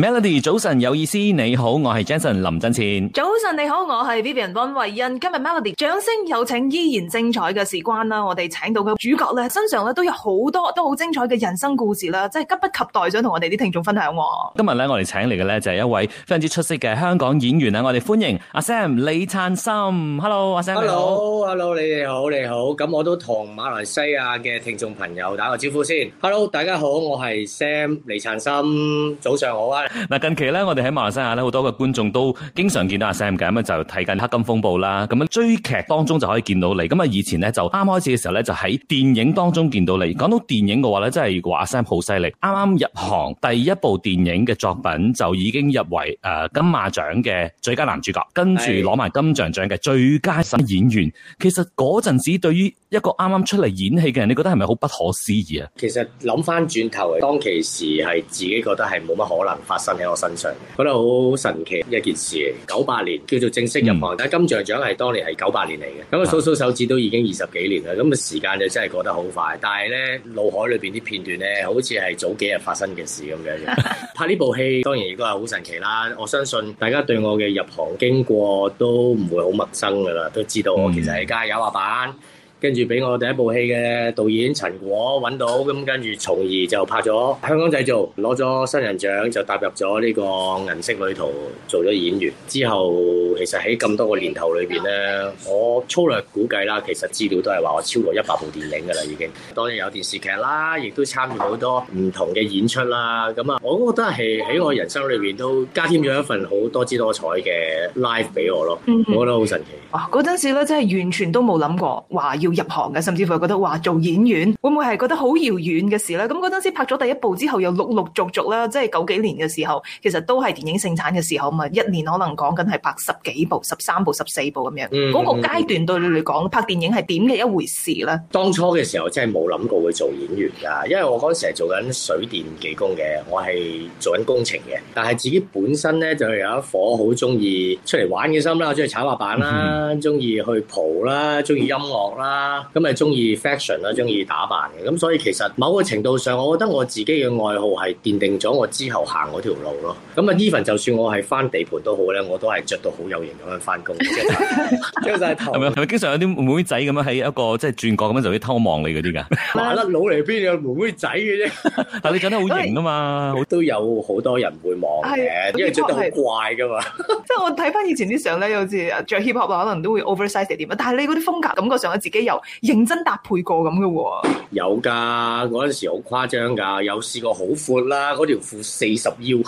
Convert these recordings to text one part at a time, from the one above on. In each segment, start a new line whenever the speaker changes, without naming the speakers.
Melody，早晨有意思，你好，我係 Jason 林振前。
早晨你好，我係 Vivian 溫慧欣。今日 Melody 掌聲有請依然精彩嘅時光啦，我哋請到嘅主角咧，身上咧都有好多都好精彩嘅人生故事啦，真係急不及待想同我哋啲聽眾分享。
今日咧我哋請嚟嘅咧就係一位非常之出色嘅香港演員啦，我哋歡迎阿 Sam 李燦琛。Hello，阿 Sam。
Hello，Hello，hello, 你哋好，你好。咁我都同馬來西亞嘅聽眾朋友打個招呼先。Hello，大家好，我係 Sam 李燦琛，早上
好啊。嗱，近期咧，我哋喺馬來西亞咧，好多嘅觀眾都經常見到阿 Sam 嘅，咁就睇緊《黑金風暴》啦，咁樣追劇當中就可以見到你。咁啊，以前咧就啱開始嘅時候咧，就喺電影當中見到你。講到電影嘅話咧，真係話阿 Sam 好犀利。啱啱入行第一部電影嘅作品就已經入圍誒金馬獎嘅最佳男主角，跟住攞埋金像獎嘅最佳新演員。其實嗰陣時對於一個啱啱出嚟演戲嘅人，你覺得係咪好不可思議啊？
其實諗翻轉頭，當其時係自己覺得係冇乜可能發生喺我身上，覺得好神奇一件事。九八年叫做正式入行，嗯、但係金像獎係當年係九八年嚟嘅。咁數數手指都已經二十幾年啦，咁嘅時間就真係過得好快。但係咧，腦海裏邊啲片段咧，好似係早幾日發生嘅事咁嘅。 拍呢部戲當然亦都係好神奇啦。我相信大家對我嘅入行經過都唔會好陌生噶啦，都知道我其實而家係油畫、啊、板。跟住俾我第一部戲嘅導演陳果揾到，咁跟住從而就拍咗香港製造，攞咗新人獎，就踏入咗呢個銀色旅途，做咗演員。之後其實喺咁多個年頭裏邊呢，我粗略估計啦，其實資料都係話我超過一百部電影噶啦，已經。當然有電視劇啦，亦都參與好多唔同嘅演出啦。咁啊，我覺得係喺我人生裏邊都加添咗一份好多姿多彩嘅 life 俾我咯。我覺得好神奇。
嗰陣 時咧，真係完全都冇諗過話要。入行嘅，甚至乎覺得話做演員會唔會係覺得好遙遠嘅事咧？咁嗰陣時拍咗第一部之後，又陸陸續續啦，即係九幾年嘅時候，其實都係電影盛產嘅時候嘛，一年可能講緊係拍十幾部、十三部、十四部咁樣。嗰、嗯、個階段對你嚟講，拍電影係點嘅一回事咧？嗯
嗯、當初嘅時候真係冇諗過會做演員噶，因為我嗰陣時係做緊水電技工嘅，我係做緊工程嘅。但係自己本身咧就係、是、有一顆好中意出嚟玩嘅心啦，中意踩滑板啦、啊，中意、嗯嗯、去蒲啦，中意音樂啦。啦，咁咪中意 fashion 啦，中意打扮嘅，咁、嗯、所以其實某個程度上，我覺得我自己嘅愛好係奠定咗我之後行嗰條路咯。咁啊，even 就算我係翻地盤都好咧，我都係着到好有型咁樣翻工。即、就、晒、是、 頭係咪？
係咪經常有啲妹妹仔咁樣喺一個即係轉角咁樣就會偷望你嗰啲噶？麻
甩佬嚟邊有妹妹仔嘅啫？ 但係你着得好型啊嘛，好都有好多人會望嘅，因為着得好怪噶嘛。
即係我睇翻以前啲相咧，好似着 hip hop 可能都會 oversize 啲，但係你嗰啲風格感覺上我自己。認真搭配過咁嘅喎，
有噶嗰陣時好誇張噶，有試過好闊啦，嗰條褲四十腰，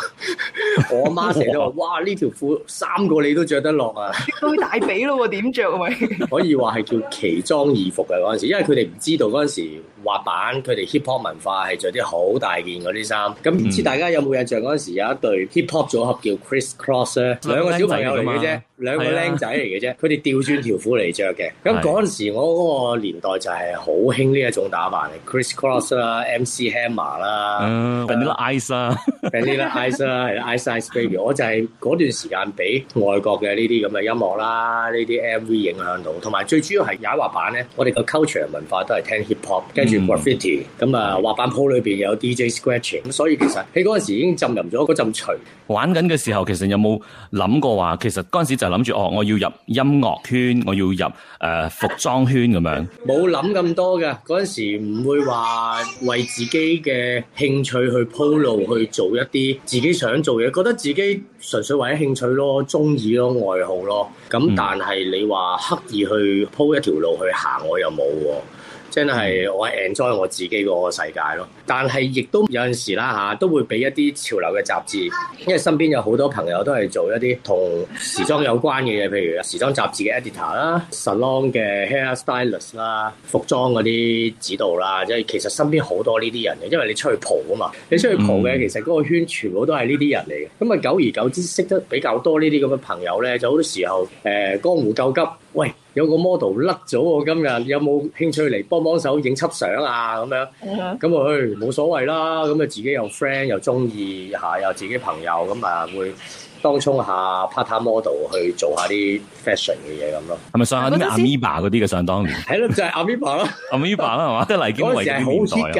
我阿媽成日都話： 哇，呢條褲三個你都着得落啊！
咁大髀咯，點着喂，
可以話係叫奇裝異服嘅嗰陣時，因為佢哋唔知道嗰陣時。滑板佢哋 hiphop 文化係着啲好大件嗰啲衫，咁唔知大家有冇印象嗰陣時有一對 hiphop 組合叫 Chris Cross 咧，兩個小朋友嚟嘅啫，兩個僆仔嚟嘅啫，佢哋調轉條褲嚟着嘅。咁嗰陣時我嗰個年代就係好興呢一種打扮，Chris Cross 啦、MC Hammer 啦、Vanilla Ice 啦、Vanilla Ice 啦、Ice Ice Baby，我就係嗰段時間俾外國嘅呢啲咁嘅音樂啦、呢啲 MV 影響到，同埋最主要係踩滑板咧，我哋個 culture 文化都係聽 hiphop 跟。
咁啊！滑板鋪裏邊有 DJ scratching、嗯、所以其實喺嗰陣時已經浸淫咗嗰陣馀玩緊嘅時候，其實有冇諗過話，其實嗰陣時就諗住哦，我要入音樂圈，我要入誒、呃、服裝圈咁樣，
冇諗咁多嘅。嗰陣時唔會話為自己嘅興趣去鋪路去做一啲自己想做嘢，覺得自己純粹為咗興趣咯，中意咯，愛好咯。咁、嗯嗯、但係你話刻意去鋪一條路去行，我又冇。真係我 enjoy 我自己個世界咯，但係亦都有陣時啦嚇、啊，都會俾一啲潮流嘅雜誌，因為身邊有好多朋友都係做一啲同時裝有關嘅嘢，譬如時裝雜誌嘅 editor 啦、啊、salon 嘅 hair stylist 啦、啊、服裝嗰啲指導啦，即、啊、係其實身邊好多呢啲人嘅，因為你出去蒲啊嘛，你出去蒲嘅、嗯、其實嗰個圈全部都係呢啲人嚟嘅，咁、嗯、啊久而久之識得比較多呢啲咁嘅朋友咧，就好多時候誒、呃、江湖救急。喂，有個 model 甩咗喎，今日有冇興趣嚟幫幫手影輯相啊？咁樣，咁啊去，冇、 哎、所謂啦。咁啊，自己有 friend 又中意吓，又自己朋友咁啊，會當充下 part-time model 去做下啲 fashion 嘅嘢咁咯。
係咪上下啲阿米巴嗰啲嘅上當年？係咯、 啊，就係阿米巴咯，阿米巴啦，係嘛？即係黎堅惠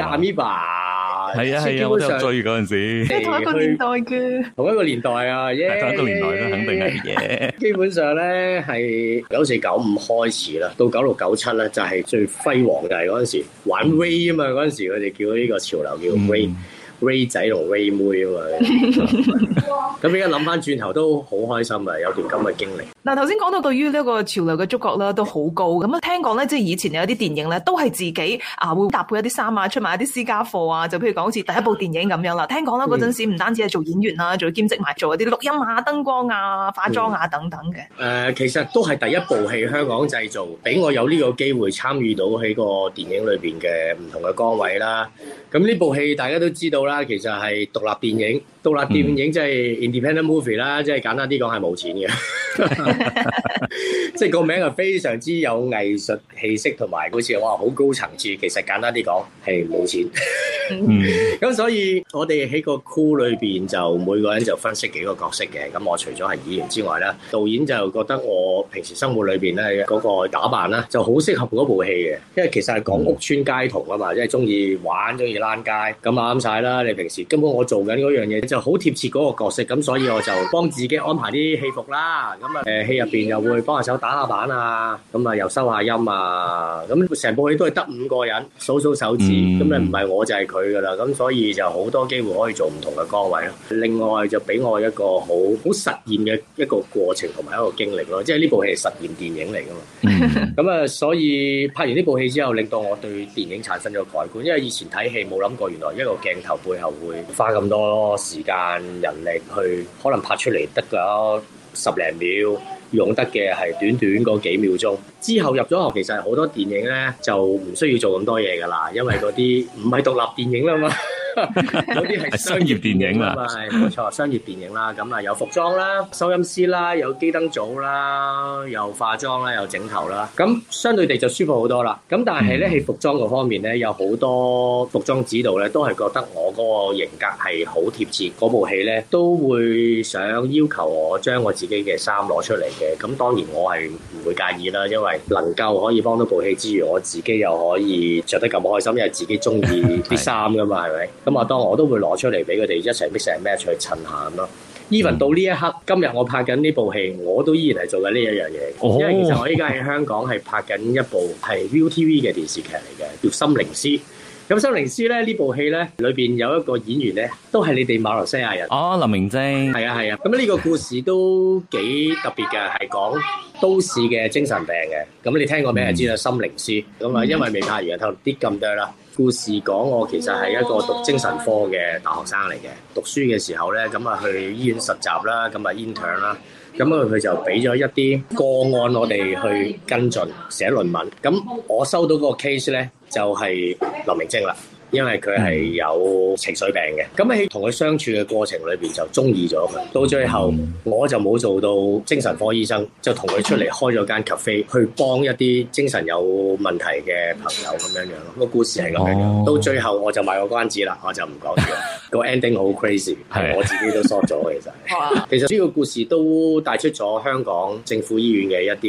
嗰年代啊。係啊，係啊，啊我都有追嗰陣時。即係同一個年
代嘅，同一個年代啊， yeah, 同一個年代啦，肯定係嘅。基本上咧係九四九五開始啦，到九六九七咧就係、係、最輝煌就係嗰陣時玩 ray 啊嘛，嗰陣時佢哋叫呢個潮流叫 ray。嗯 Ray 仔同 Ray 妹啊嘛，咁而家諗翻轉頭都好開心啊！有段咁嘅經歷。
嗱，頭先講到對於呢個潮流嘅觸覺啦，都好高，咁啊聽講咧即係以前有一啲電影咧都係自己啊會搭配一啲衫啊出賣一啲私家貨啊，就譬如講好似第一部電影咁樣啦。聽講啦，嗰陣時唔單止係做演員啊，做、嗯、兼職埋做一啲錄音啊、燈光啊、化妝啊等等嘅。
誒、嗯呃，其實都係第一部戲香港製造，俾我有呢個機會參與到喺個電影裏邊嘅唔同嘅崗位啦。咁呢部戲大家都知道啦。其實係獨立電影，獨立電影 movie，即係 Independent Movie 啦，即係簡單啲講係冇錢嘅， 即係個名係非常之有藝術氣息同埋，好似話好高層次。其實簡單啲講係冇錢。咁 所以，我哋喺個 crew 裏邊就每個人就分析幾個角色嘅。咁我除咗係演員之外啦，導演就覺得我平時生活裏邊咧嗰個打扮啦，就好適合嗰部戲嘅，因為其實係講屋村街童啊嘛，即係中意玩，中意躝街，咁啱晒啦。你平時，根本我做緊嗰樣嘢就好貼切嗰個角色，咁所以我就幫自己安排啲戲服啦。咁啊，誒戲入邊又會幫下手打下板啊，咁啊又收下音啊。咁成部戲都係得五個人，數數手指，咁啊唔係我就係佢噶啦。咁所以就好多機會可以做唔同嘅崗位咯。另外就俾我一個好好實驗嘅一個過程同埋一個經歷咯。即係呢部戲係實驗電影嚟㗎嘛。咁 啊，所以拍完呢部戲之後，令到我對電影產生咗改觀，因為以前睇戲冇諗過，原來一個鏡頭。背後會花咁多時間人力去，可能拍出嚟得嗰十零秒，用得嘅係短短嗰幾秒鐘。之後入咗行，其實好多電影呢就唔需要做咁多嘢㗎喇，因為嗰啲唔係獨立電影啦嘛。有啲係商業電影啦，係冇 錯，商業電影啦。咁啊，有服裝啦，收音師啦，有機燈組啦，有化妝啦，有整頭啦。咁相對地就舒服好多啦。咁但係咧，喺服裝個方面咧，有好多服裝指導咧，都係覺得我嗰個型格係好貼切。嗰部戲咧，都會想要求我將我自己嘅衫攞出嚟嘅。咁當然我係唔會介意啦，因為能夠可以幫到部戲之餘，我自己又可以着得咁開心，因為自己中意啲衫噶嘛，係咪 的？咁啊，我當我都會攞出嚟俾佢哋一齊搣成咩出去襯下咁咯。Even、嗯、到呢一刻，今日我拍緊呢部戲，我都依然係做緊呢一樣嘢。哦、因為其實我依家喺香港係拍緊一部係 ViuTV 嘅電視劇嚟嘅，叫《心靈師》。咁《心靈師》咧呢部戲咧，裏邊有一個演員咧，都係你哋馬來西亞人。哦，林明晶。係啊，係啊。咁呢個故事都幾特別嘅，係講都市嘅精神病嘅。咁你聽過名就知啦，嗯《心靈師》。咁啊，因為未拍完啊，透啲咁多啦。故事講我其實係一個讀精神科嘅大學生嚟嘅，讀書嘅時候呢，咁啊去醫院實習啦，咁啊 intern 啦，咁佢就俾咗一啲個案我哋去跟進寫論文。咁我收到個 case 呢，就係林明晶啦。因為佢係有情緒病嘅，咁喺同佢相處嘅過程裏邊就中意咗佢。到最後，我就冇做到精神科醫生，就同佢出嚟開咗間 cafe，去幫一啲精神有問題嘅朋友咁樣樣咯。個故事係咁樣樣，哦、到最後我就賣個關子啦，我就唔講咗。個 ending 好 crazy， 我自己都縮咗 其實。其實呢個故事都帶出咗香港政府醫院嘅一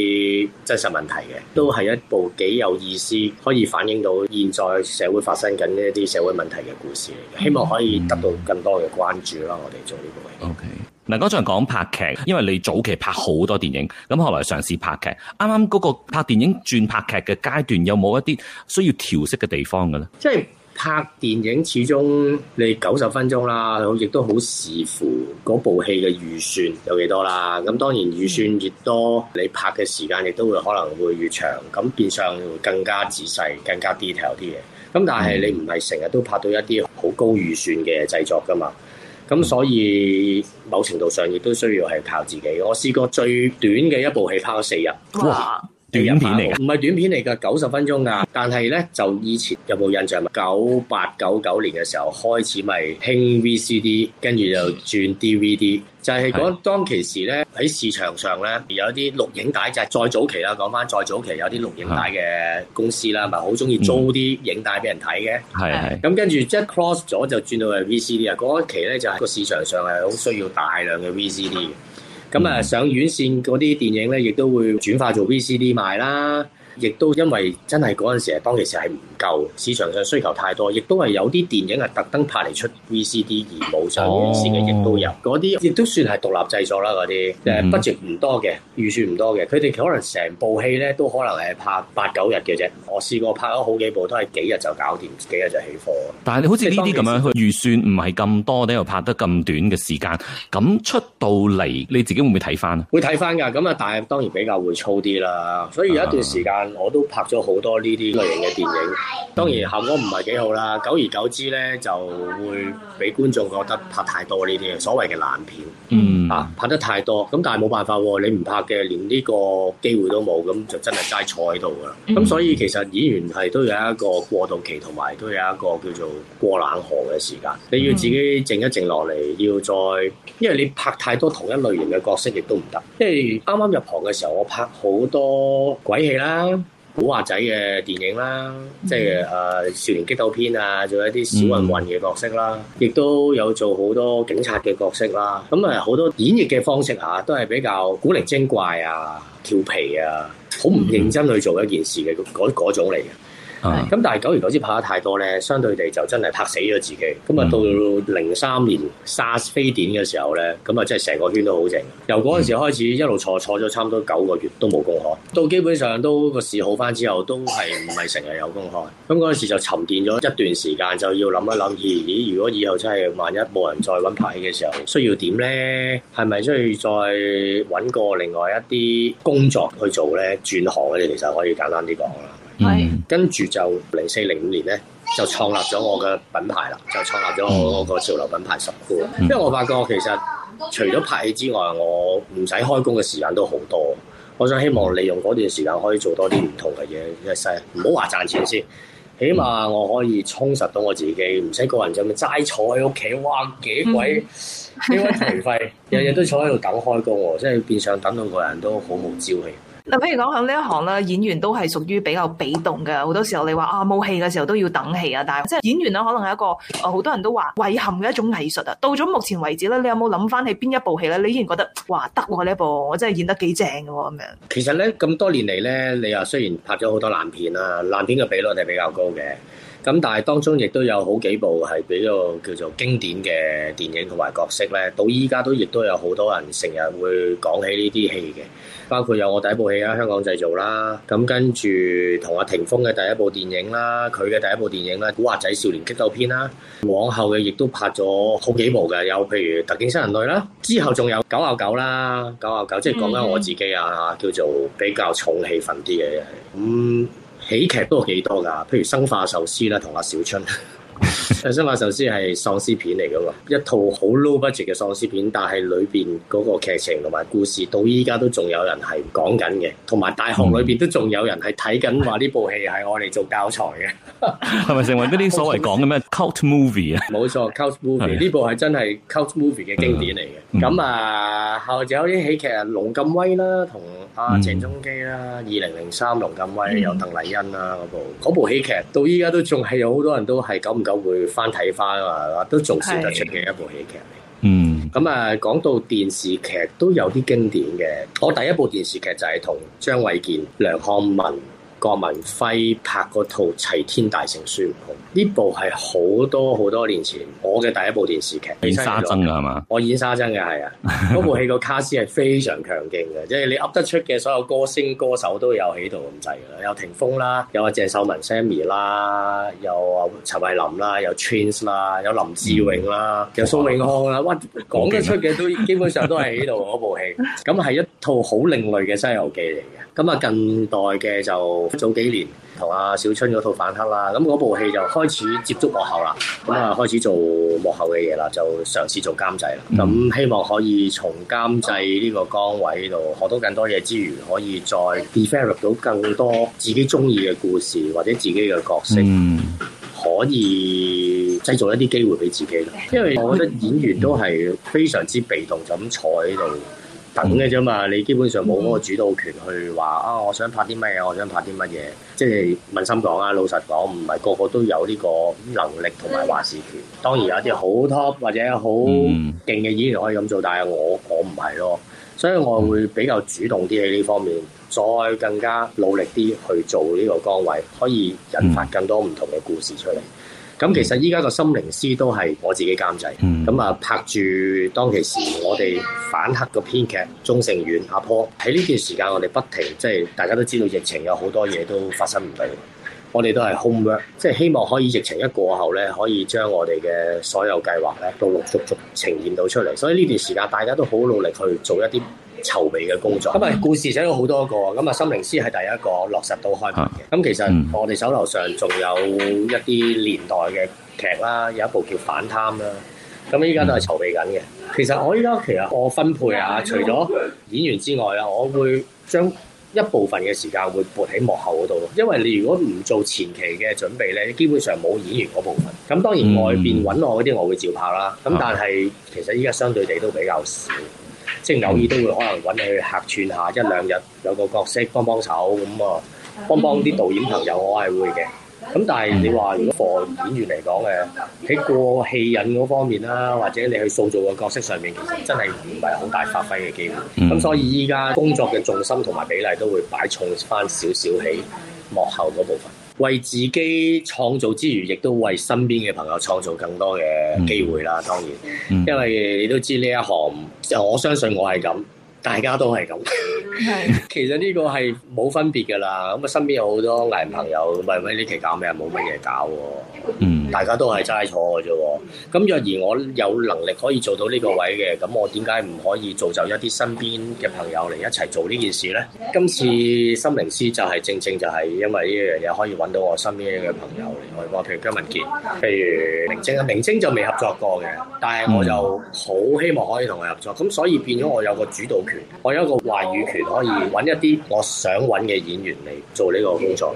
啲真實問題嘅，嗯、都係一部幾有意思，可以反映到現在社會發生緊嘅。啲社會問題嘅故事嚟嘅，希望可以得到更多嘅關注啦。嗯、我哋做呢部戲。
O K. 嗱，嗰陣講拍劇，因為你早期拍好多電影，咁後來嘗試拍劇，啱啱嗰個拍電影轉拍劇嘅階段，有冇一啲需要調適嘅地方嘅咧？即係、嗯、
拍電影，始終你九十分鐘啦，亦都好視乎嗰部戲嘅預算有幾多啦。咁當然預算越多，你拍嘅時間亦都會可能會越長，咁變相會更加仔細、更加 detail 啲嘢。但係你唔係成日都拍到一啲好高預算嘅製作㗎嘛？咁所以某程度上亦都需要係靠自己。我試過最短嘅一部戲拍咗四日。哇啊短片嚟嘅，唔係短片嚟噶，九十分鐘噶。但係咧就以前有冇印象？九八九九年嘅時候開始咪興 VCD，跟住又轉 DVD，就係講當其時咧喺市場上咧有啲錄影帶就係再早期啦。講翻再早期有啲錄影帶嘅公司啦，咪好中意租啲影帶俾人睇嘅。係。係。咁跟住一 cross 咗就轉到去 VCD 啊，嗰一期咧就係個市場上係好需要大量嘅 VCD。咁啊，嗯、上院線嗰啲電影咧，亦都會轉化做 VCD 賣啦。亦都因為真係嗰陣時係當其時係唔夠，市場上需求太多，亦都係有啲電影係特登拍嚟出 VCD 而冇上映先嘅，亦、oh. 都有嗰啲，亦都算係獨立製作啦嗰啲，誒 budget 唔多嘅，預算唔多嘅，佢哋可能成部戲咧都可能係拍八九日嘅啫。我試過拍咗好幾部，都係幾日就搞掂，幾日就起貨。
但係好似呢啲咁樣，佢預算唔係咁多，你又拍得咁短嘅時間，咁出到嚟，你自己會唔會睇翻啊？會
睇翻㗎，咁啊，但係當然比較會粗啲啦。所以有一段時間。Yeah. 我都拍咗好多呢啲類型嘅電影，當然效果唔係幾好啦。久而久之呢，就會俾觀眾覺得拍太多呢啲所謂嘅爛片。嗯，啊，拍得太多，咁但係冇辦法喎、哦，你唔拍嘅，連呢個機會都冇，咁就真係齋坐喺度啦。咁、嗯、所以其實演員係都有一個過渡期，同埋都有一個叫做過冷河嘅時間。你要自己靜一靜落嚟，要再，因為你拍太多同一類型嘅角色亦都唔得。即係啱啱入行嘅時候，我拍好多鬼戲啦。古惑仔嘅電影啦，即係誒、呃、少年激鬥片啊，做一啲小混混嘅角色啦，亦都有做好多警察嘅角色啦。咁、嗯、啊，好多演繹嘅方式嚇、啊，都係比較古靈精怪啊、調皮啊，好唔認真去做一件事嘅嗰種嚟嘅。咁但係久而久之拍得太多呢，相對地就真係拍死咗自己。咁啊、嗯、到零三年 SARS 非典嘅時候呢，咁啊真係成個圈都好靜。由嗰陣時開始，一路坐坐咗差唔多九個月都冇公開，到基本上都個市好返之後，都係唔係成日有公開。咁嗰陣時就沉澱咗一段時間，就要諗一諗，咦？如果以後真係萬一冇人再揾拍戲嘅時候，需要點呢？係咪需要再揾個另外一啲工作去做呢？轉行我哋其實可以簡單啲講啦。Mm hmm. 跟住就零四零五年咧，就創立咗我嘅品牌啦，就創立咗我個潮流品牌十酷。Mm hmm. 因為我發覺其實除咗拍戲之外，我唔使開工嘅時間都好多。我想希望利用嗰段時間可以做多啲唔同嘅嘢。 一世唔好話賺錢先，起碼我可以充實到我自己，唔使個人就咁齋坐喺屋企，哇幾鬼幾鬼頹廢，日日、mm hmm. 都坐喺度等開工喎，即係變相等到個人都好冇朝氣。
嗱，譬如講喺呢一行咧，演員都係屬於比較被動嘅，好多時候你話啊冇戲嘅時候都要等戲啊，但係即係演員咧可能係一個，呃、好多人都話遺憾嘅一種藝術啊。到咗目前為止咧，你有冇諗翻起邊一部戲咧？你依然覺得哇得喎呢部，我真係演得幾正嘅咁樣。
其實咧咁多年嚟咧，你啊雖然拍咗好多爛片啦，爛片嘅比率係比較高嘅。咁但係當中亦都有好幾部係比較叫做經典嘅電影同埋角色咧，到依家都亦都有好多人成日會講起呢啲戲嘅。包括有我第一部戲啦，香港製造啦。咁跟住同阿霆鋒嘅第一部電影啦，佢嘅第一部電影啦，《古惑仔少年激鬥篇》啦。往後嘅亦都拍咗好幾部嘅，有譬如《特警新人類》啦，之後仲有《九啊九》啦，《九啊九》即係講緊我自己啊，嗯、叫做比較重氣氛啲嘅咁。嗯喜劇都有幾多㗎？譬如生化壽司啦，同阿小春。《生化壽屍》係喪屍片嚟㗎嘛，一套好 low budget 嘅喪屍片，但係裏邊嗰個劇情同埋故事到依家都仲有人係講緊嘅，同埋大學裏邊都仲有人係睇緊，話呢部戲係我哋做教材
嘅，係咪成為嗰啲所謂講嘅咩 cult movie 啊？冇錯，cult movie 呢部
係真係 cult movie 嘅經典嚟嘅。咁啊，後者有啲喜劇啊，龍咁威啦，同啊鄭中基啦，《二零零三龍咁威》有鄧麗欣啦嗰部，嗰部喜劇到依家都仲係有好多人都係久唔久會。翻睇翻啊，都仲笑得出嘅一部喜劇嚟。嗯，咁啊、嗯，講到電視劇都有啲經典嘅。我第一部電視劇就係同張衛健、梁漢文。郭文輝拍嗰套《齊天大聖》書，呢部係好多好多年前我嘅第一部電視劇。演沙僧㗎係嘛？我演沙僧嘅係啊，嗰 部戲個卡司係非常強勁嘅，即係你噏得出嘅所有歌星歌手都有喺度咁滯啦，有霆鋒啦，有阿鄭秀文 Sammy 啦，有阿陳慧琳啦，有 Twins 啦，有林志穎啦，嗯、有蘇永康啦，哇，講得出嘅都 基本上都係喺度嗰部戲，咁係 一套好另類嘅《西遊記》嚟嘅。咁啊，近代嘅就早幾年同阿小春嗰套反黑啦，咁嗰部戲就開始接觸幕後啦，咁啊開始做幕後嘅嘢啦，就嘗試做監製啦。咁、嗯、希望可以從監製呢個崗位度學到更多嘢之餘可以再 develop 到更多自己中意嘅故事或者自己嘅角色，嗯、可以製造一啲機會俾自己。因為我覺得演員都係非常之被動就咁坐喺度。等嘅啫嘛，你基本上冇嗰個主導權去話、嗯、啊，我想拍啲乜嘢，我想拍啲乜嘢，即係問心講啊，老實講，唔係個個都有呢個能力同埋話事權。當然有啲好 top 或者好勁嘅演員可以咁做，但係我我唔係咯，所以我會比較主動啲喺呢方面，再更加努力啲去做呢個崗位，可以引發更多唔同嘅故事出嚟。咁、嗯、其實依家個心靈師都係我自己監製，咁啊、嗯、拍住當其時我哋反黑個編劇鐘成遠阿波。喺呢段時間，我哋不停即係、就是、大家都知道疫情有好多嘢都發生唔到，我哋都係 homework，即係希望可以疫情一過後呢，可以將我哋嘅所有計劃呢都陸陸續續呈現到出嚟。所以呢段時間大家都好努力去做一啲。籌備嘅工作，咁啊故事寫咗好多個，咁啊《心靈師》係第一個落實到開拍嘅。咁、啊、其實我哋手樓上仲有一啲年代嘅劇啦，有一部叫《反貪》啦，咁依家都係籌備緊嘅。其實我依家其實我分配啊，除咗演員之外啊，我會將一部分嘅時間會撥喺幕後嗰度咯。因為你如果唔做前期嘅準備咧，基本上冇演員嗰部分。咁當然外邊揾我嗰啲，我會照拍啦。咁但係其實依家相對地都比較少。即係偶爾都會可能揾你去客串下一兩日，有個角色幫幫手咁啊，幫幫啲導演朋友我，我係會嘅。咁但係你話如果做演員嚟講嘅，喺過戲癮嗰方面啦，或者你去塑造個角色上面，其實真係唔係好大發揮嘅機會。咁、嗯、所以依家工作嘅重心同埋比例都會擺重翻少少喺幕後嗰部分。為自己創造之餘，亦都為身邊嘅朋友創造更多嘅機會啦。嗯、當然，因為你都知呢一行，我相信我係咁，大家都係咁。 其實呢個係冇分別㗎啦。咁啊，身邊有好多藝人朋友問：喂、嗯，呢期搞咩啊？冇乜嘢搞喎。嗯。大家都係齋坐嘅啫喎，咁若然我有能力可以做到呢個位嘅，咁我點解唔可以造就一啲身邊嘅朋友嚟一齊做呢件事呢？今次《心靈師》就係正正就係因為呢樣嘢可以揾到我身邊嘅朋友嚟，我話譬如姜文傑，譬如明晶啊，明晶就未合作過嘅，但係我就好希望可以同佢合作，咁所以變咗我有個主導權，我有一個話語權可以揾一啲我想揾嘅演員嚟做呢個工作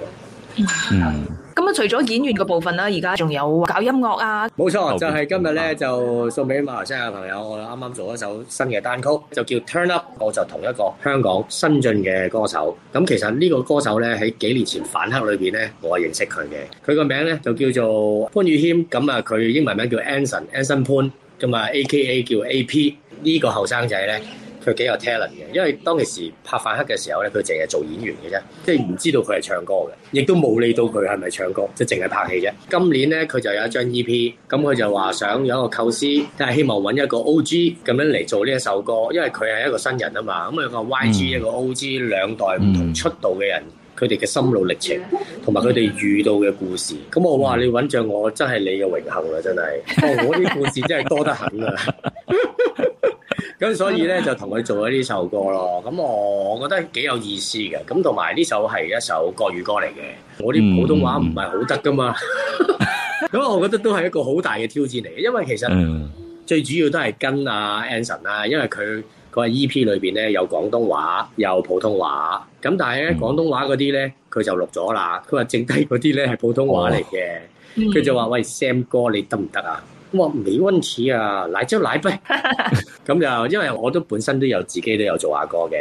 嘅，嗯。
咁啊，除咗演員個部分啦，而家仲有搞音樂啊！冇錯，就係
今日咧，就送俾馬來西亞朋友，我啱啱做一首新嘅單曲，就叫《Turn Up》，我就同一個香港新進嘅歌手。咁其實呢個歌手咧，喺幾年前反黑裏邊咧，我認識佢嘅。佢個名咧就叫做潘宇謙，咁啊，佢英文名叫 Anson，Anson 潘，咁啊 A K A 叫 A P，呢個後生仔咧。佢幾有 talent 嘅，因為當其時拍反黑嘅時候咧，佢淨係做演員嘅啫，即係唔知道佢係唱歌嘅，亦都冇理到佢係咪唱歌，即係淨係拍戲啫。今年咧，佢就有一張 EP，咁、嗯、佢就話想有一個構思，但係希望揾一個 OG 咁樣嚟做呢一首歌，因為佢係一個新人啊嘛，咁啊一個 YG 一個 OG 兩代唔同出道嘅人。嗯嗯佢哋嘅心路歷程，同埋佢哋遇到嘅故事，咁我話，嗯、你揾着我真係你嘅榮幸啦，真係、哦！我啲故事真係多得很啊！咁 所以咧就同佢做咗呢首歌咯。咁我覺得幾有意思嘅。咁同埋呢首係一首國語歌嚟嘅，我啲普通話唔係好得噶嘛。咁 我覺得都係一個好大嘅挑戰嚟嘅，因為其實、嗯、最主要都係跟啊 Anson 啊，因為佢。佢話 EP 裏邊咧有廣東話，有普通話，咁但係咧廣東話嗰啲咧佢就錄咗啦，佢話剩低嗰啲咧係普通話嚟嘅，佢、哦嗯、就話：喂 Sam 哥，你得唔得啊？我微溫匙啊，奶樽奶杯，咁 就、嗯、 因為我都本身都有自己都有做下歌嘅，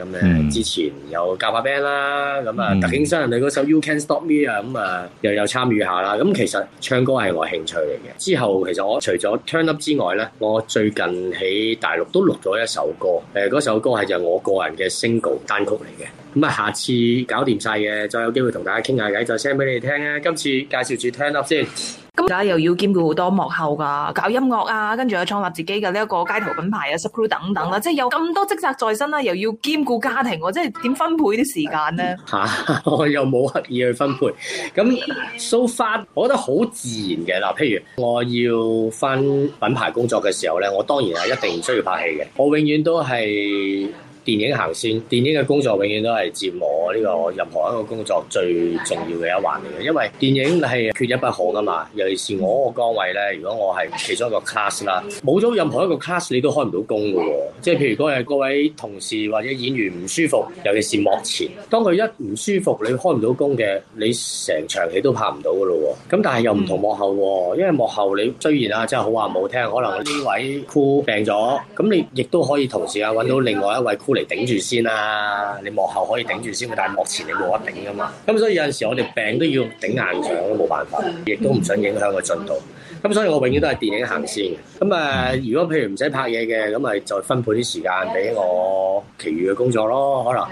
咁、嗯、咧、嗯、之前有教下 band 啦，咁、嗯、啊、嗯、特警雙人哋嗰首 You Can Stop Me 啊，咁、嗯、啊、嗯、又有參與下啦。咁、嗯、其實唱歌係我興趣嚟嘅。之後其實我除咗 Turn Up 之外咧，我最近喺大陸都錄咗一首歌，誒、呃、嗰首歌係就我個人嘅 single 單曲嚟嘅。咁啊，下次搞掂晒嘅，再有機會同大家傾下偈，再 share 俾你聽啊！今次介紹住聽粒先。
咁而家又要兼顧好多幕後噶，搞音樂啊，跟住又創立自己嘅呢一個街頭品牌啊，Subculture 等等啦，即係有咁多職責在身啦，又要兼顧家庭、啊，即係點分配啲時間咧？嚇！
我又冇刻意去分配。咁 so far，我覺得好自然嘅嗱。譬如我要翻品牌工作嘅時候咧，我當然係一定唔需要拍戲嘅。我永遠都係。電影行先，電影嘅工作永遠都係字幕呢個任何一個工作最重要嘅一環嚟嘅，因為電影係缺一不可噶嘛。尤其是我個崗位咧，如果我係其中一個 cast 啦，冇咗任何一個 cast 你都開唔到工嘅、哦。即係譬如嗰日各位同事或者演員唔舒服，尤其是幕前，當佢一唔舒服你開唔到工嘅，你成場戲都拍唔到噶咯喎。咁但係又唔同幕後喎、哦，因為幕後你雖然啊真係好話唔好聽，可能呢位 crew 病咗，咁你亦都可以同時啊揾到另外一位 crew 嚟頂住先啦、啊！你幕後可以頂住先、啊，但係幕前你冇得頂噶嘛。咁所以有陣時我哋病都要頂硬上，都冇辦法，亦都唔想影響個進度。咁所以我永遠都係電影行先、啊。咁誒、啊，如果譬如唔使拍嘢嘅，咁咪就分配啲時間俾我其餘嘅工作咯。可能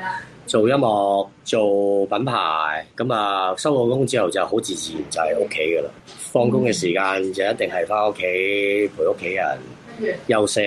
做音樂、做品牌。咁啊，收咗工之後就好自然就係屋企㗎啦。放工嘅時間就一定係翻屋企陪屋企人。休息，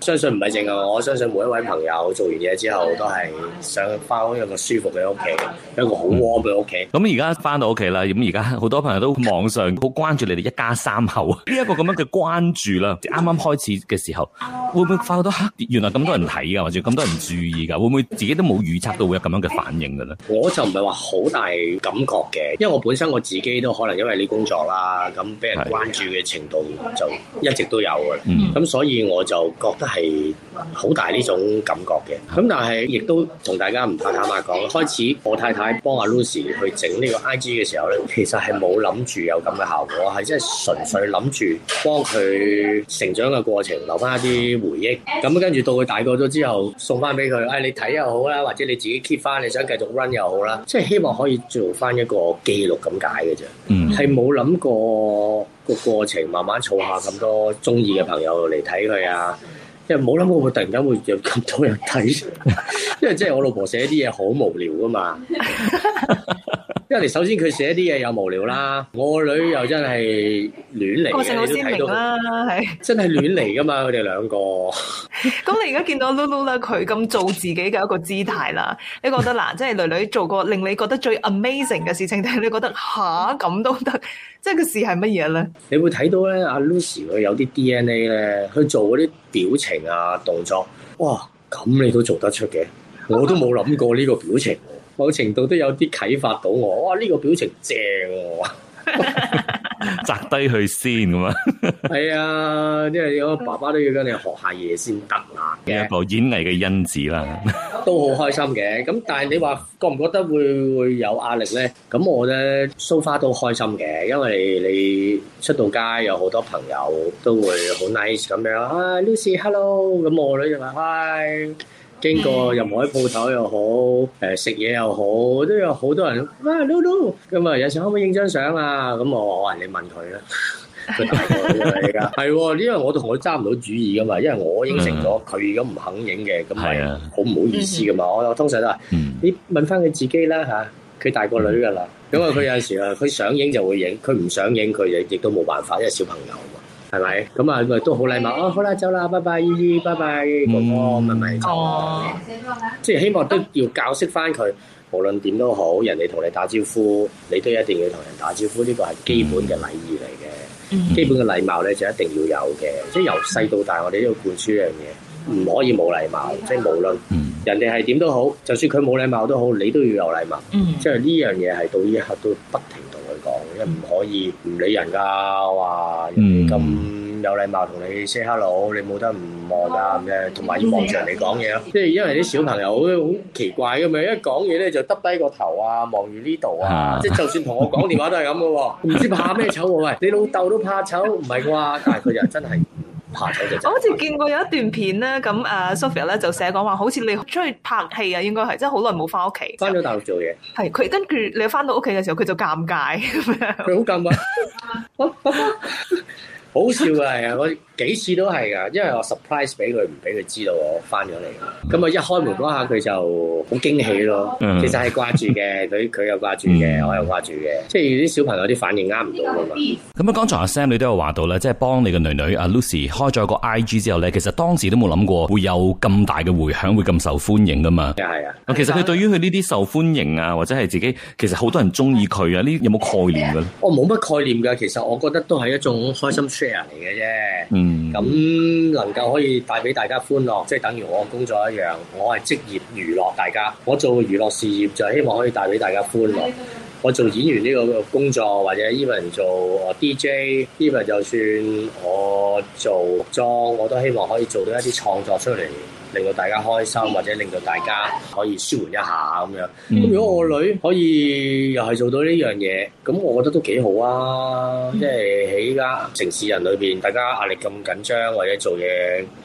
相信唔係淨係，我相信每一位朋友做完嘢之後都係想翻屋一個舒服嘅屋企，一
個好 warm 嘅屋企。咁而、嗯、家翻到屋企啦，咁而家好多朋友都網上好關注你哋一家三口，啊。呢一個咁樣嘅關注啦，啱啱開始嘅時候，會唔會發好多黑點？原來咁多人睇㗎，或者咁多人注意㗎？會唔會自己都冇預測到會有咁樣嘅反應嘅咧？
我就唔係話好大感覺嘅，因為我本身我自己都可能因為呢工作啦，咁俾人關注嘅程度就一直都有嘅。咁、嗯嗯所以我就覺得係好大呢種感覺嘅。咁但係亦都同大家唔太坦白講。開始我太太幫阿 Lucy 去整呢個 IG 嘅時候呢，其實係冇諗住有咁嘅效果，係即係純粹諗住幫佢成長嘅過程留翻一啲回憶。咁跟住到佢大個咗之後送，送翻俾佢，誒你睇又好啦，或者你自己 keep 翻，你想繼續 run 又好啦，即係希望可以做翻一個記錄咁解嘅啫。嗯，係冇諗過。個過程慢慢儲下咁多中意嘅朋友嚟睇佢啊，因為冇諗過會突然間會有咁多人睇， 因為即係我老婆寫啲嘢好無聊㗎嘛。 因為首先佢寫啲嘢又無聊啦，我女又真係亂嚟，我明你都睇到啦，係是真係亂嚟噶嘛佢哋 兩個。
咁你而家見到 Lulu 啦，佢咁做自己嘅一個姿態啦，你覺得嗱，即係女女做過令你覺得最 amazing 嘅事情，定係你覺得嚇咁、啊、都得？即係個事係乜嘢咧？你
會睇到咧，阿 Lucy 佢有啲 DNA 咧，佢做嗰啲表情啊動作，哇！咁你都做得出嘅，我都冇諗過呢個表情。Okay. 某程度都有啲啟發到我，哇！呢個表情正，
摘低佢先咁啊！
係啊，即係有爸爸都要跟你學下嘢先得啊！一
部演藝嘅因子啦，
都好開心嘅。咁但係你話覺唔覺得會會有壓力咧？咁我咧，so far 都開心嘅，因為你出到街有好多朋友都會好 nice 咁樣啊，Lucy hello，咁我女就話 hi。經過任何啲鋪頭又好，誒、呃、食嘢又好，都有好多人，哇 Lulu 咁啊，努努有時可唔可以影張相啊？咁我我話你問佢啦，佢 大個女㗎，係， 因為我同佢揸唔到主意噶嘛，因為我應承咗佢而家唔肯影嘅，咁係好唔好意思㗎嘛。我通常都話，你問翻佢自己啦嚇，佢大個女㗎啦，咁啊佢有陣時啊，佢想影就會影，佢唔想影佢亦都冇辦法，因為小朋友。係咪？咁啊，佢都好禮貌啊、哦！好啦，走啦，拜拜，姨姨，拜拜，哥哥，咪咪，哦、即係希望都要教識翻佢。無論點都好，人哋同你打招呼，你都一定要同人打招呼。呢個係基本嘅禮儀嚟嘅，基本嘅禮貌咧就一定要有嘅。即係由細到大，我哋都要灌輸一樣嘢，唔可以冇禮貌。即係無論人哋係點都好，就算佢冇禮貌都好，你都要有禮貌。嗯嗯，即係呢樣嘢係到呢一刻都不停講，因為唔可以唔理人㗎，話咁有禮貌同你 say hello，你冇得唔望啊咁嘅，同埋要望住人哋講嘢啦。即係因為啲小朋友好奇怪㗎嘛，一講嘢咧就耷低個頭啊，望住呢度啊， 即係就算同我講電話都係咁㗎喎，唔知怕咩醜喎、啊、喂，你老豆都怕醜，唔係啩？但係佢又真係。我
好似見過有一段片咧，咁啊 Sophia 咧就寫講話，好似你出去拍戲啊，應該係，即係好耐冇翻屋企，翻咗大陸做嘢。係佢跟住你翻到屋企嘅時候，佢就尷尬，佢好尷尬，
好笑噶係啊！幾次都係噶，因為我 surprise 俾佢，唔俾佢知道我翻咗嚟。咁啊，一開門嗰下佢就好驚喜咯，嗯嗯 anyway 嗯嗯。其實係掛住嘅，佢佢又掛住嘅，我又掛住嘅。即係啲小朋友啲反應啱唔到啊嘛。
咁啊，剛才阿 Sam 你都有話到咧，即係幫你個女女阿 Lucy 開咗個 IG 之後咧，其實當時都冇諗過會有咁大嘅迴響，會咁受歡迎噶嘛。係啊。其實佢對於佢呢啲受歡迎啊，或者係自己其實好多人中意佢啊，呢有冇概念嘅咧？
我冇乜概念㗎。其實我覺得都係一種開心 share 嚟嘅啫。咁、嗯、能夠可以帶俾大家歡樂，即、就、係、是、等於我工作一樣，我係職業娛樂大家。我做娛樂事業就希望可以帶俾大家歡樂。我做演員呢個工作，或者 even 做 DJ，even 就算我做服裝，我都希望可以做到一啲創作出嚟。令到大家開心，或者令到大家可以舒緩一下咁樣。嗯、如果我女可以又係做到呢樣嘢，咁我覺得都幾好啊！即係喺依家城市人裏邊，大家壓力咁緊張，或者做嘢誒、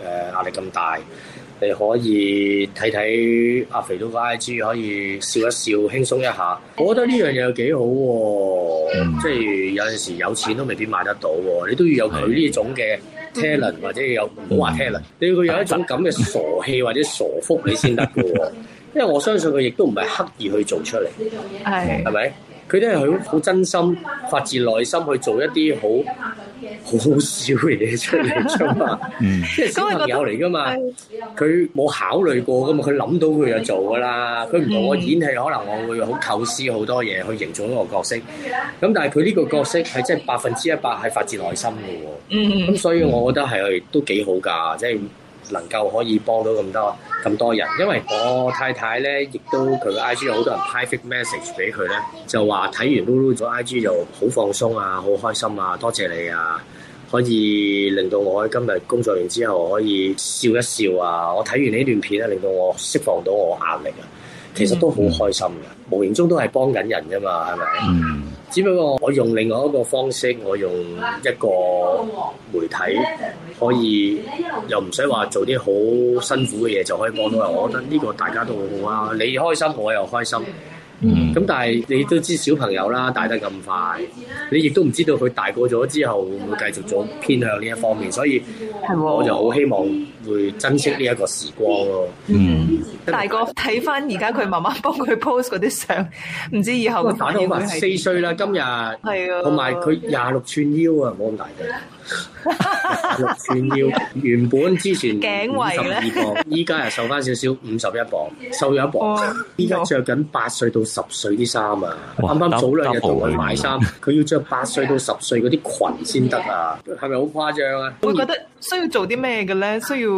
呃、壓力咁大，你可以睇睇阿肥都嘅 IG，可以笑一笑，輕鬆一下。我覺得呢樣嘢幾好喎、啊，即、就、係、是、有陣時有錢都未必買得到喎、啊，你都要有佢呢種嘅。talent 或者有，唔好話 talent，你要佢有一種咁嘅傻氣或者傻福你先得㗎喎，因為我相信佢亦都唔係刻意去做出嚟，
係，係
咪？佢都係好好真心發自內心去做一啲好。好好笑，少嘢出嚟啫嘛，即
係小朋友嚟噶嘛，佢
冇考慮過噶嘛，佢諗到佢就做噶啦。佢唔同我演戲，可能我會好構思好多嘢去形造一個角色。咁但係佢呢個角色係真係百分之一百係發自內心嘅喎。咁所以我覺得係都幾好㗎，即係。能夠可以幫到咁多咁多人，因為我太太咧，亦都佢 I G 有好多人 private message 俾佢咧，就話睇完 Lulu 咗 I G 就好放鬆啊，好開心啊，多謝你啊，可以令到我喺今日工作完之後可以笑一笑啊，我睇完呢段片咧，令到我釋放到我壓力啊。其實都好開心嘅，無形中都係幫緊人㗎嘛，係咪？嗯、只不過我用另外一個方式，我用一個媒體可以又唔使話做啲好辛苦嘅嘢就可以幫到。我覺得呢個大家都好好啊！你開心，我又開心。咁、嗯、但係你都知小朋友啦，大得咁快，你亦都唔知道佢大個咗之後會唔會繼續做偏向呢一方面，所以我就好希望會珍惜呢一個時光咯、啊。嗯，
嗯大個睇翻而家佢慢慢幫佢 post 嗰啲相，唔知以後嘅發展，四
歲啦，今日同埋佢廿六吋腰啊，冇咁大
隻。
完全要
原本之前五十二磅，依家又瘦翻少少，五十一磅，瘦咗一磅。依家着緊八歲到十歲啲衫啊！啱啱哇早兩日同佢買衫，佢雷要着八歲到十歲嗰啲裙先得啊！係咪好
誇張啊？我覺得需要做啲咩嘅咧？需要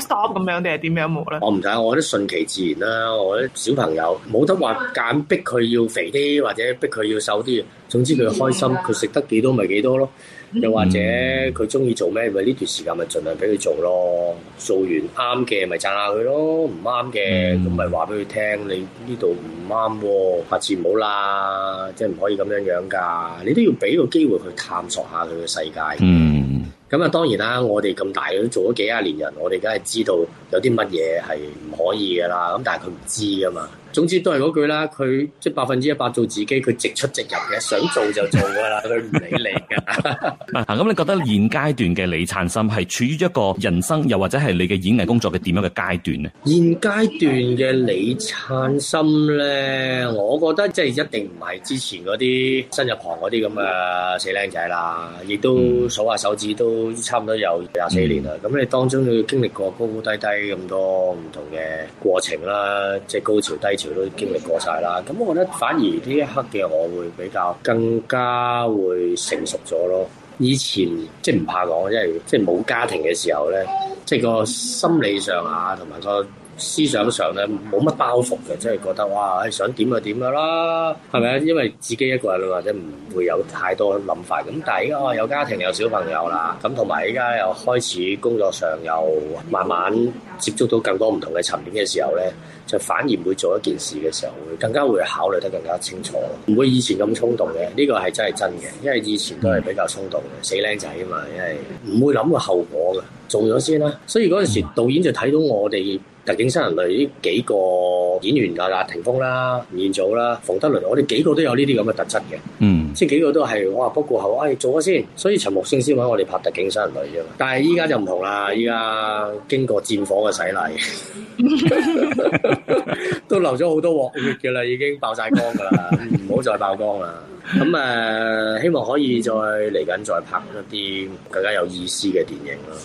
stop 咁樣定係點樣冇咧？我
唔睇，我覺得順其自然啦。我覺得小朋友冇得話硬逼佢要肥啲，或者逼佢要瘦啲。總之佢開心，佢食、嗯、得幾多咪幾多咯。又或者佢中意做咩，咪呢、嗯、段時間咪盡量俾佢做咯。做完啱嘅咪讚下佢咯，唔啱嘅咁咪話俾佢聽，你呢度唔啱，下次唔好啦，即係唔可以咁樣樣噶。你都要俾個機會去探索下佢嘅世界。咁啊、嗯，當然啦，我哋咁大都做咗幾廿年人，我哋梗係知道有啲乜嘢係唔可以噶啦。咁但係佢唔知噶嘛。總之都係嗰句啦，佢即係百分之一百做自己，佢直出直入嘅，想做就做噶啦，佢唔理你噶。
啊，咁你覺得現階段嘅李燦森係處於一個人生，又或者係你嘅演藝工作嘅點樣嘅階段咧？
現階段嘅李燦森咧，我覺得即係一定唔係之前嗰啲新入行嗰啲咁嘅死靚仔啦，亦都數下手指都差唔多有廿四年啦。咁、嗯、你當中要經歷過高高低低咁多唔同嘅過程啦，即係高潮低潮。都經歷過晒啦，咁我覺得反而呢一刻嘅我會比較更加會成熟咗咯。以前即係唔怕講，即係因為冇家庭嘅時候咧，即係個心理上啊，同埋個思想上咧，冇乜包袱嘅，即係覺得哇，想點就點嘅啦，係咪啊？因為自己一個人或者唔會有太多諗法。咁但係而家我有家庭有小朋友啦，咁同埋依家又開始工作上又慢慢接觸到更多唔同嘅層面嘅時候咧。就反而會做一件事嘅時候，會更加會考慮得更加清楚，唔會以前咁衝動嘅。呢個係真係真嘅，因為以前都係比較衝動嘅死靚仔啊嘛，因為唔會諗個後果嘅，做咗先啦。所以嗰陣時，導演就睇到我哋特警新人類呢幾個演員啊，阿霆鋒啦、吳彥祖啦、馮德倫，我哋幾個都有呢啲咁嘅特質嘅。嗯。先幾個都係我話不過後，哎做咗先，所以陳木勝先揾我哋拍特警新人類啫嘛。但係依家就唔同啦，依家經過戰火嘅洗禮， 都流咗好多鑊血噶啦，已經爆晒光噶啦，唔好 再爆光啦。咁誒、呃，希望可以再嚟緊再拍一啲更加有意思嘅電影咯。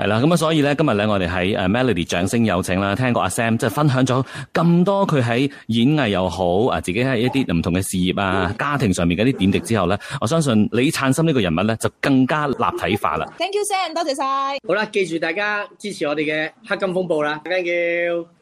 係啦，咁啊，所以咧，今日咧，我哋喺 Melody 掌聲有請啦，聽過阿 Sam 即係分享咗咁多佢喺演藝又好啊，自己喺一啲唔同嘅事業啊，家庭上面嘅啲點滴之後咧，我相信李燦森呢個人物咧就更加
立體化啦。Thank you Sam，多謝晒。好啦，記住大家支持我哋嘅《黑金風暴》啦，大驚叫！